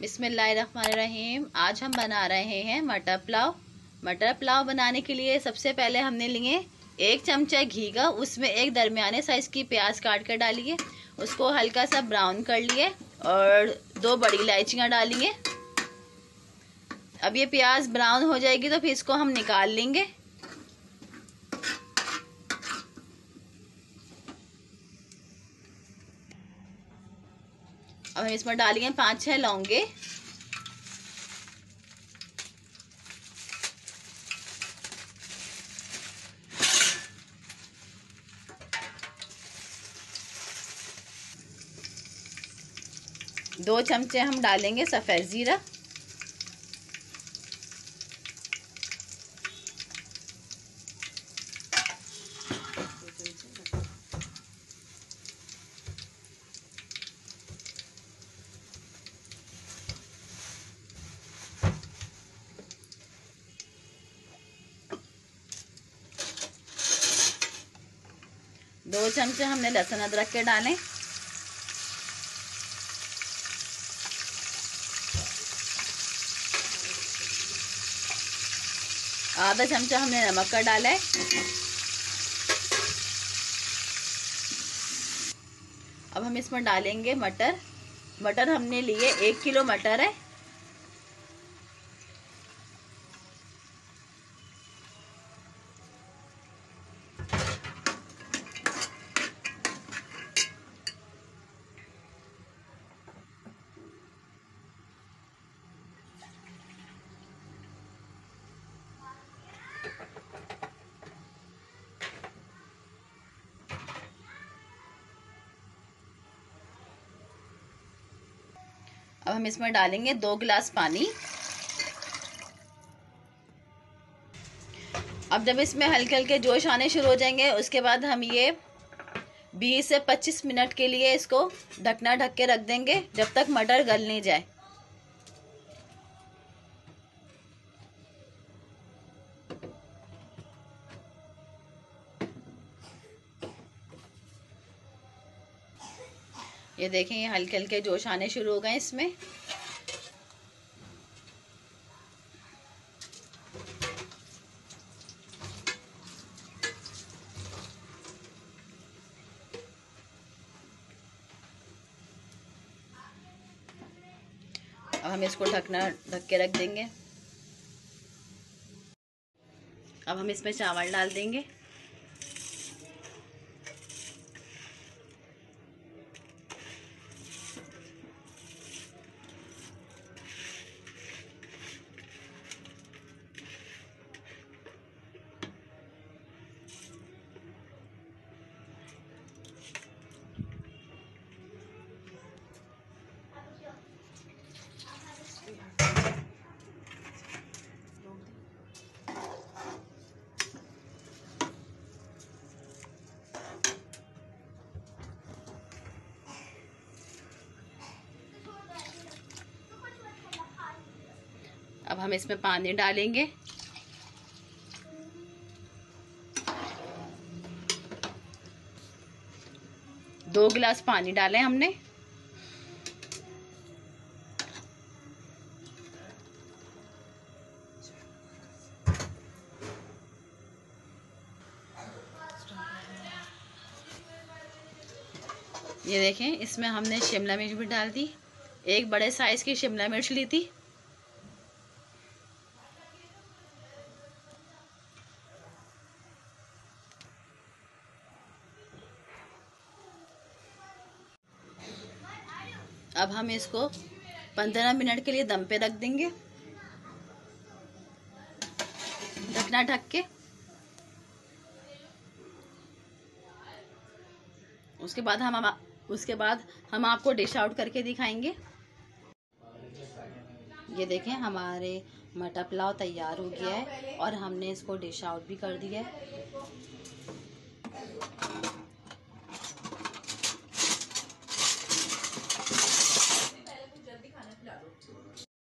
बिसमीम आज हम बना रहे हैं मटर पुलाव मटर पुलाव बनाने के लिए सबसे पहले हमने लिए एक चमचा घी का उसमें एक दरमियाने साइज़ की प्याज काट कर डालिए उसको हल्का सा ब्राउन कर लिए और दो बड़ी इलायचियाँ डालिए अब ये प्याज ब्राउन हो जाएगी तो फिर इसको हम निकाल लेंगे अब हम इसमें डालेंगे पाँच छह लौंगे दो चमचे हम डालेंगे सफ़ेद ज़ीरा चमचे हमने लहसुन अदरक के डालें आधा चमचा हमने नमक का डाला है अब हम इसमें डालेंगे मटर मटर हमने लिए एक किलो मटर है अब हम इसमें डालेंगे दो गिलास पानी अब जब इसमें हल्के हल्के जोश आने शुरू हो जाएंगे उसके बाद हम ये 20 से 25 मिनट के लिए इसको ढकना ढक के रख देंगे जब तक मटर गल नहीं जाए ये देखें ये हल्के हल्के जोश आने शुरू हो गए इसमें अब हम इसको ढकना ढक के रख देंगे अब हम इसमें चावल डाल देंगे अब हम इसमें पानी डालेंगे दो गिलास पानी डाले हमने ये देखें इसमें हमने शिमला मिर्च भी डाल दी एक बड़े साइज़ की शिमला मिर्च ली थी अब हम इसको पंद्रह मिनट के लिए दम पे रख देंगे ढकना ढक के उसके बाद हम उसके बाद हम आपको डिश आउट करके दिखाएंगे ये देखें हमारे मटर पुलाव तैयार हो गया है और हमने इसको डिश आउट भी कर दिया है